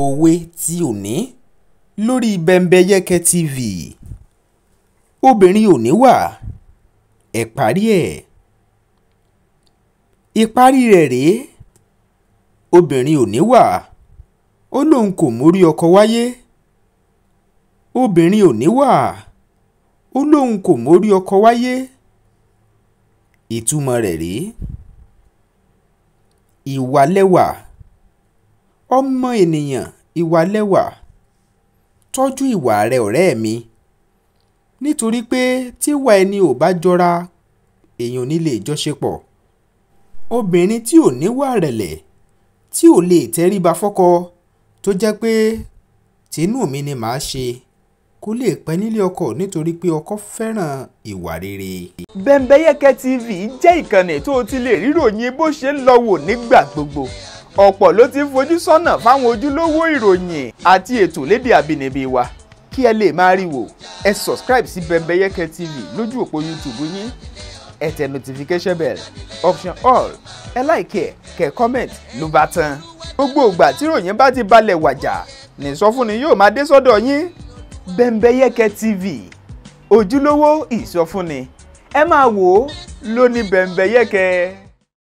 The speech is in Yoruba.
òwe tí òní lórí Bẹ́mbẹ́yẹ́kẹ́ TV obìnrin òní wà ẹ̀ parí ẹ̀ ìparí rẹ̀ rèé obìnrin òní wà ó lóun kò mórí ọkọ wáyé obìnrin òní wà ó lóun kò mórí ọkọ wáyé ìtumọ̀ rẹ̀ rèé ìwà ọmọ ènìyàn ìwà lẹwà tọ́jú ìwà rẹ ọ̀rẹ́ mi nítorí pé tíwà ẹni ò bá jọra èèyàn ò ní lè jọṣepọ̀ obìnrin tí ò níwà rẹ̀lẹ̀ tí ò lè tẹríba fọ́kọ tó jẹ́ pé tìǹú mi ni màá ṣe kó lè pẹ́ nílé ọkọ nítorí pé ọkọ fẹ́ràn ìwà rere. Bẹ́mbẹ́yẹ́kẹ́ TV jẹ́ ìkànnì tó ti lè ríròyìn bó ṣe ń lọ wò nígbà gbogbo ọ̀pọ̀ ló ti ń fojú sọ́nà fáwọn ojúlówó ìròyìn àti ètò lédè àbínibí wa kí ẹ lè máa rí wò ẹ subscribe sí Bembeyeke TV lójú òpó YouTube yín ẹ tẹ notification bell option all ẹ like ẹ kẹ comment ló bá tán gbogbo ìgbà tí ìròyìn bá ti balẹ̀ wàjà ní ìsọfúnni yóò máa dé sọ́dọ̀ yín Bembeyeke TV ojúlówó ìsọfúnni ẹ máa wò ó lóní Bembeyeke.